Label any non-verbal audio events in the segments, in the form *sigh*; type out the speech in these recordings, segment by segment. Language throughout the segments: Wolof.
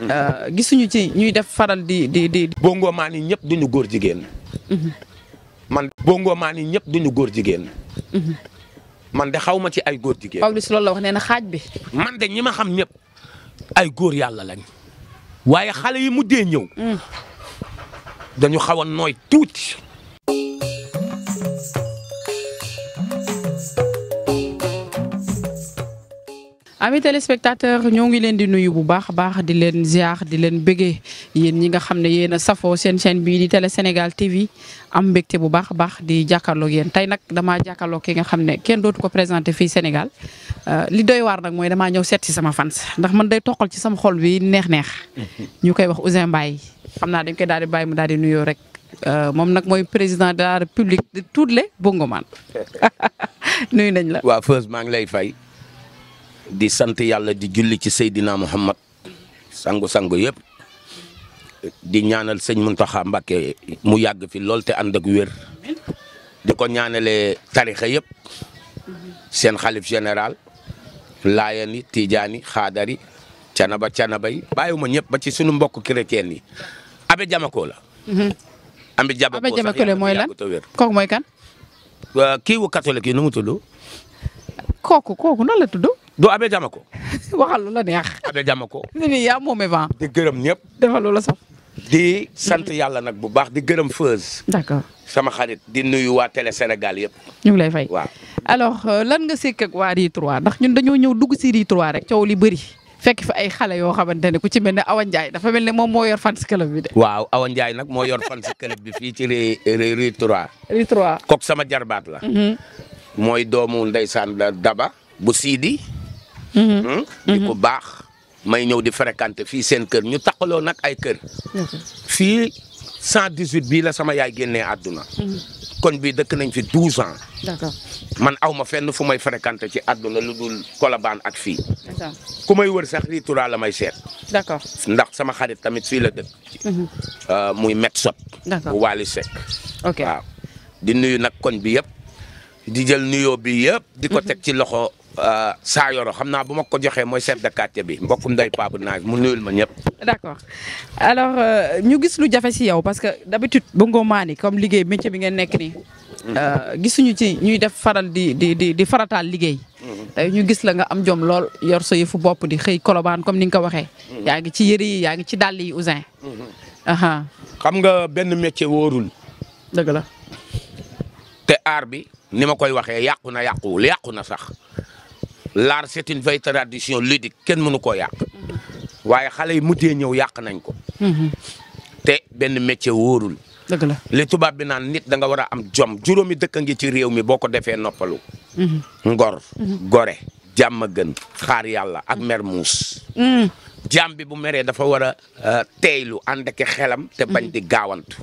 Euh, gisuñu ci ñuy def faral di di di. bongo maan ñëpp duñu góor jigéen. Mm-hmm. man bongo maan yi ñëpp duñu góor jigéen. Mm-hmm. man de xaw ci ay góor jigéen. Pawlish loolu nee na xaaj bi. man de ñi ma xam ñëpp ay góor yàlla lañ waaye xale yi mujjee ñëw. Mm. dañu xaw nooy tuuti. ami téléspectateur ñoo ngi leen di nuyu bu baax a baax di leen ziar di leen bëggee yéen ñi nga xam ne yéen a safoo seen chaîne bii di télé Sénégal TV am mbégte bu baax a baax di jàkkaarloog yéen tey nag damaa jàkkaarloog ki nga xam ne kenn dootu ko présenté fii Sénégal euh, li doy waar nag mooy damaa ñëw seet ci sama fans ndax man day toqal ci sama xol wii neex-neex. *laughs* ñu koy wax Ouzin mbaay xam naa dañ koy daal di baay mu daal di nuyoo rek. Euh, moom nag mooy président de la république de toutes les bongoman *laughs* nuyu nañ la. waaw first maa ngi lay fay. di sant yàlla di julli ci Seydina Muhammad sangu-sangu yëpp di ñaanal sëñ Muntaxa Mbàkke mu yàgg fi lool te ànd ak wér di ko ñaanalee tarixa yëpp seen xalif général laayani tijaani xaadari canaba canaba yi bàyyiwuma ñëpp ba ci sunu mbokk chrétien yi abe jamako la abe jamako la mooy lan kooku mooy kan euh, kiiwu catholique yi nu mu kooku kooku noonu doo Abe Jamako. *laughs* waxal lu la neex. Abe Jamako. ni nii yaa moome vent. di gërëm ñëpp. defal la sax. di sant yàlla nag bu baax di gërëm Feuz. d'accord sama xarit di nuyu waa Télé Sénégal yëpp. ñu lay fay waaw. alors euh, lan nga sekk ak waa RIE3 ndax ñun dañoo ñëw dugg si rie rek coow li bëri. fekk fi ay xale yoo xamante ne ku ci mel ne Awa Ndiaye dafa mel ne moom moo yor fans club bi de. waaw Awa Ndiaye nag moo yor fans club bi fii ci RIE RIE3. RIE3 sama jarbaat la. Mhm. mooy doomu ndeysaan Daba bu Mm-hmm. Hmm? di ko baax may ñëw di fréquenter fii seen kër ñu taqaloo nag ay kër fii 118 bii la sama yaay génnee àdduna mm-hmm. koñ bii dëkk nañ fi 12 ans d'accord man aw ma fenn fu may fréquenter ci àdduna lu dul kolabaan ak fii ku may wër sax ritura la may seet d'accord ndax sama xarit tamit fii la dëkk mm-hmm. euh, muy met sot bu Waly Seck waaw di nuyu nag koñ bi yëpp di jël nuyo bi yëpp. di ko mhm. teg ci loxo euh, saa yoro xam naa bu ma ko joxee mooy chef de quartier bi mbokkum nday Pape Naaj mu nuyul ma ñëpp. d'accord alors euh, ñu gis lu jafe si yow parce que d'habitude ba ngoomaani comme liggéey métier bi ngeen nekk ni mhm. euh, gisuñu ci ñuy def faral di di di di farataal liggéey. Mhm. tey ñu gis la nga am jom lool yor sa yëfu bopp di xëy kolobaan comme ni nga ko waxee. yaa ngi ci yëre yi yaa ngi ci dàll yi Ouzin. xam nga benn métier wóorul. dëgg te aar bi. ni ma koy waxee yàqu na yàquwul yàqu na sax l'art c'est une vieille tradition ludique kenn mënu koo yàq mm-hmm. waaye xale yi mujjee ñëw yàq nañ ko. Mm-hmm. te benn métier wóorul. dëgg la li tubaab bi naan nit danga nga war a am jom juróomi dëkk a ngi ci réew mi boo ko defee noppalu. Mm-hmm. ngor gore jàmm gën xaar yàlla ak mer muus. jàmm bi bu meree dafa war a euh, teeylu ànd ak xelam. te bañ di gaawantu.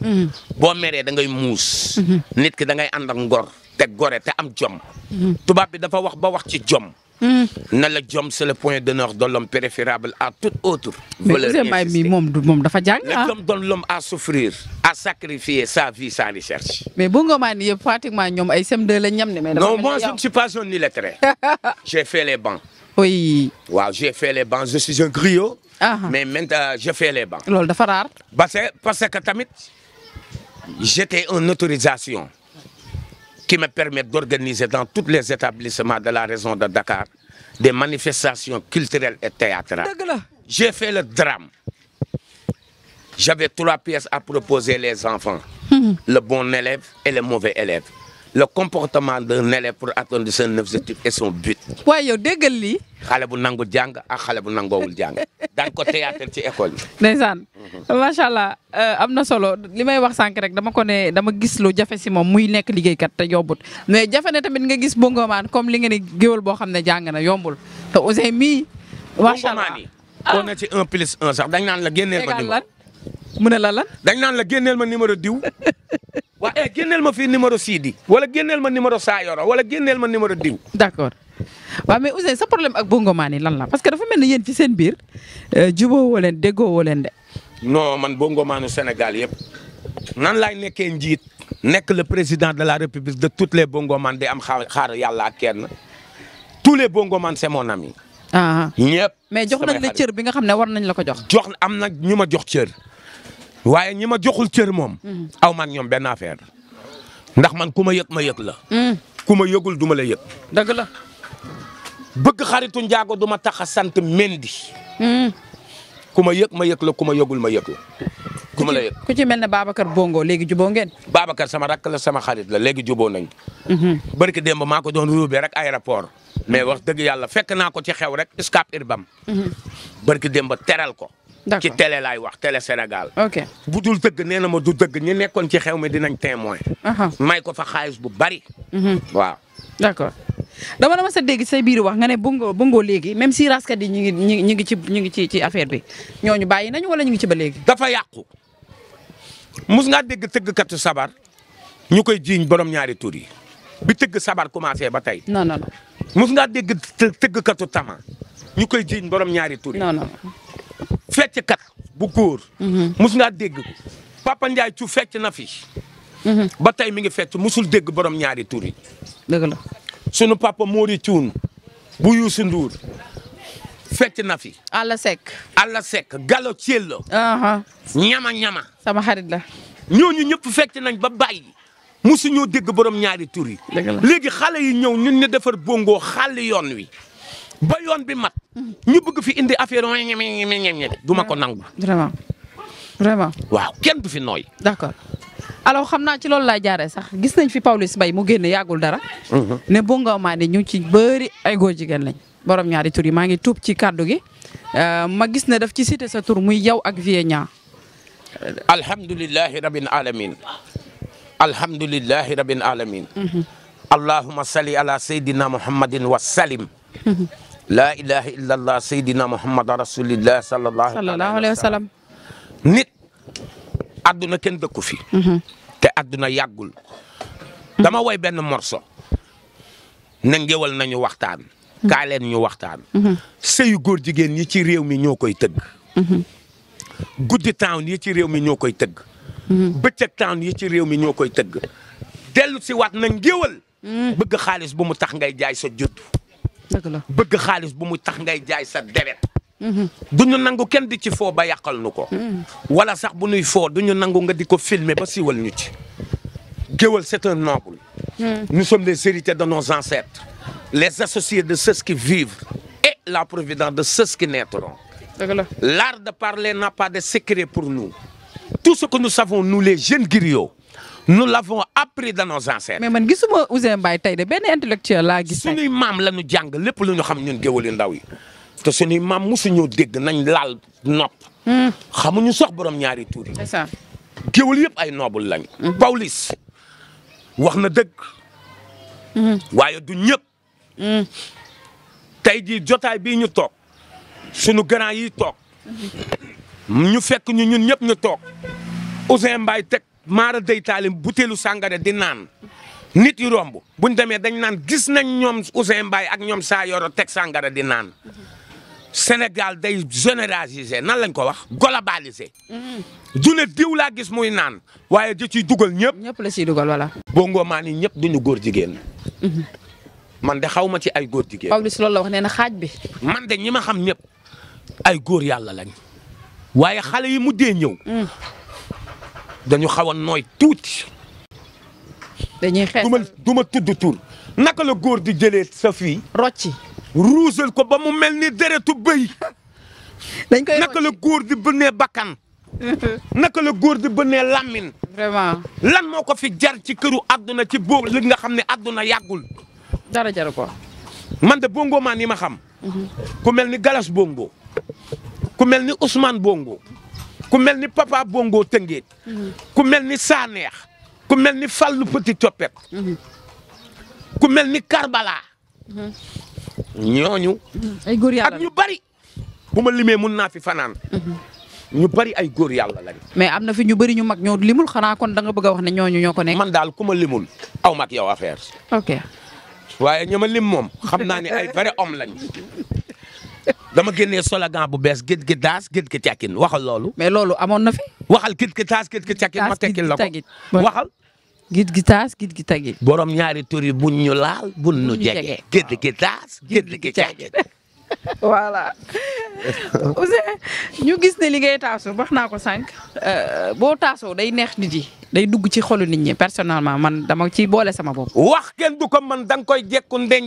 boo meree da muus. nit ki da ànd ak ngor. te gore te am jom. tubaab bi dafa wax ba wax ci jom. Hmm. na la jom c'est le point d'honneur de l'homme préférable à toute autre. valeur mais mi moom du moom dafa jàng ah. l'homme donne à souffrir à sacrifier sa vie sa recherche. mais bu nga maa ni pratiquement ñoom ay sem de la ñam ne mais. non moi je ne suis pas un illettré. *laughs* j'ai fait les bancs. oui. waaw j'ai bancs je suis un griot. Ah. mais maintenant je fais les bancs. loolu dafa raar. parce que parce que tamit j'étais en autorisation. qui me permettent d'organiser dans tous les établissements de la région de Dakar des manifestations culturelles et théâtrales. J'ai fait le drame. J'avais trois pièces à proposer les enfants, mmh. le bon élève et le mauvais élève. le comportement d'un élève pour atteindre son objectif et son but. waaye yow déggal lii. xale bu nangu jàng ak xale bu nangoowul jàng daan ko théâtre ci école yi. ndeysaan macha allah euh, am na solo li may wax sànq rek dama ko ne dama gis lu jafe si moom muy nekk liggéey kat te yombut mais jafe ne tamit nga gis bongomaan comme li nga ni géwél boo xam ne jàng na yombul te Ouzin mii. macha allah bongomaan na ci un plus un sax dañ naan la génneel ma numéro. mu ne la lan. dañ naan la génneel ma numéro diw *laughs* waa eh génneel ma fii numéro Sidi wala génneel ma numéro Sayoro wala génneel ma numéro diw. d'accord waa mais Ouzin sa problème ak bongomani Mané lan la parce que dafa mel ni yéen ci seen biir euh, jubóo woo leen déggoo de. non man Bongo Sénégal yëpp nan laay nekkee njiit nekk le président de la république de toutes les Bongo Mané di am xaar yàlla ak kenn tous les Bongo Mané c'est mon ami. Ah, ah. mais jox nañ la cër bi nga xam ne war nañ la ko jox. jox am na ñu ma jox cër. waaye ñi ma joxul cër moom. Mm-hmm. aw man ñoom benn affaire ndax man ku ma yëg ma yëg la. Mm. ku ma yëgul du ma la yëg. dëgg la. bëgg xaritu njaago du ma tax a sant mendi. Mm. ku ma yëg ma yëg la ku ma yëgul ma yëg la. ku ma la yëg ku ci mel ne Babacar Bongo léegi juboo ngeen. Babacar sama rakk la sama xarit la léegi juboo nañ. Mm-hmm. barki démb maa ko doon ruubee rek aéroport. mais wax dëgg yàlla fekk naa ko ci xew rek escape irbam. Mm-hmm. barki démb teral ko. ci télé laay wax télé Sénégal. ok bu dul dëgg nee na ma du dëgg ñu nekkoon ci xew mi dinañ témoin. may ko fa xaalis bu bari. Mhm. waaw d'accord. dama dama sa dégg say biir wax nga ne bongo bongo léegi même si raskat yi ñu ngi ñu ñu ngi ci ñu ngi ci ci affaire bi ñooñu bàyyi nañu wala ñu ngi ci ba léegi. dafa yàqu mus ngaa dégg katu sabar ñu koy jiiñ borom ñaari tur yi bi tëgg sabar commencé ba tey. non non non. mus ngaa dégg të tëggkatu tama ñu koy jiiñ borom ñaari tur yi. non fecckat bu góor. Mhm. mus ngaa dégg Papa Ndiaye cu fecc na fi. Mhm. ba tey mi ngi fecc musul dégg borom ñaari tur yi. dëgg la sunu papa Mori Cuun bu Youssou Ndour fecc na fi. àlla sekk. àlla sekk galo ciel la. Uh-huh. ñama ñama. sama xarit la. ñooñu ñëpp fecc nañ ba bàyyi. musu ñoo dégg borom ñaari tur yi. léegi xale yi ñëw ñun ñu defar bongo xàll yoon wi. ba yoon bi mat. ñu bëgg fi indi affaire yi ñeme ñeme du ma ko nangu. vraiment waaw kenn du fi nooy. d'accord alo xam naa ci loolu laay jaaree sax gis nañ fi Pawlish Mbaye mu génn yàggul dara. Mhm. ne Bongo Maane ñu ci bëri ay góor jigéen lañ. borom ñaari turi maa ngi tuub ci kàddu gi euh, ma gis ne daf ci cité sa tur muy yow ak Vieux Niang. alhamdulilahi rabbil alamin alhamdulilahi rabbil alamin mhm. allahumma salli ala sayyidina muhammadin wa salim. Mhm. la ilaha illa allah sayyidina muhammadan rasulillah sallallahu alayhi wa sallam nit àdduna kenn dëkku fi mm-hmm. te àdduna yàggul dama woy benn morso na ngéwal nañu waxtaan mm-hmm. kaa leen ñu waxtaan mm-hmm. sëyu góor jigéen ñi ci réew mi ñoo koy tëgg guddi town yi ci réew mi ñoo koy tëgg bëccëg town yi ci réew mi ñoo koy tëgg dellu si waat na bëgg xaalis bu mu tax ngay jaay sa bëgg xaalis bu mu tax ngay jaay sa deret mm-hmm. du ñu nangu kenn di ci foo ba yàqal nu ko mm-hmm. wala sax bu nuy foo du ñu nangu nga di ko filmer ba siiwal ñu ci géwal c'est un noble mm-hmm. nous sommes les héritiers de nos ancêtres les associés de ceux qui vivent et la providence de ceux qui naîtront l'art de parler n'a pas de secret pour nu tout ce que nous savons nous les jeunes griots nous l'avons appris dans nos ancêtres. man man gisuma Ouzin Mbaye tey de benn intellectuel laa gis. suñuy maam la nu jàng lépp lu ñu xam ñun géwël ndaw yi te suñuy maam mosuñoo dégg nañ laal nopp. Hmm. xamuñu sox borom ñaari tuur yi. c'est ça. géwël yëpp ay noble lañ. Hmm. Pawlish wax na dëgg. Hmm. waaye du ñëpp. tey jii jotaay bii ñu toog sunu grand yi toog. ñu fekk ñu ñun ñëpp ñu toog Ouzin Mbaye teg. maara day taalim butéelu sàngara di naan nit yu romb buñ demee dañ naan gis nañ ñoom Ousseyn Mbaye ak ñoom saa yoro teg sàngara di naan Sénégal day généraliser nan lañ ko wax globaliser. du mm-hmm. ne diw laa gis muy naan waaye di ci dugal ñëp ñëpp la ciy dugal voilà. bongo maan yi duñu góor jigéen. Mm-hmm. man de xawma ci ay góor jigéen. Pawlish nee na xaaj bi. man de ñi ma xam ñëpp ay góor yàlla lañ waaye xale yi mujjee ñëw. Mm. dañu xaw a nooy tuuti. dañuy xeex du ma du ma tudd naka la góor di jëlee sa fii. rocci ruusal ko ba mu mel ni deretu bëy. dañ koy naka góor di bënnee bakkan. *laughs* naka la góor di bënnee làmmin vraiment lan moo ko fi jar ci këru àdduna ci boo li nga xam ne àdduna yàggul. dara jaru ko. man de bongo maa ni ma xam. Mhm. ku mel ni Galas Bongo. ku mel ni Ousmane Bongo. ku mel ni papa Bongo Tëngéej. ku mel ni Saneex ku mel ni Fallou Petit Coppet. ku mel ni Karbala. ñooñu. ay góor yàlla ak ñu bari. bu ma limee mun naa fi fanaan. ñu bari ay góor yàlla lañ. mais am na fi ñu bari ñu mag ñoo limul xanaa kon da nga bëgg wax ne ñooñu ñoo ko nekk. man daal ku ma limul aw mag yow affaire. ok. waaye ña ma lim moom xam naa ne ay vrai homme lañ. dama génnee slogan bu bees git gi git gi waxal loolu. mais loolu amoon na fi. waxal git gi daas git gi càkkin ma tekkil borom ñaari tur yi buñ ñu laal buñ ñu jege. git gi taas git gi càkkin. *laughs* voilà *laughs* Ouzin ñu gis ne li ngay taasoo wax naa ko sànq euh, boo taasoo day neex nit yi day dugg ci xolu nit ñi personnellement man dama ciy boole sama bopp. wax kenn du ko man danga koy jekku ndeñ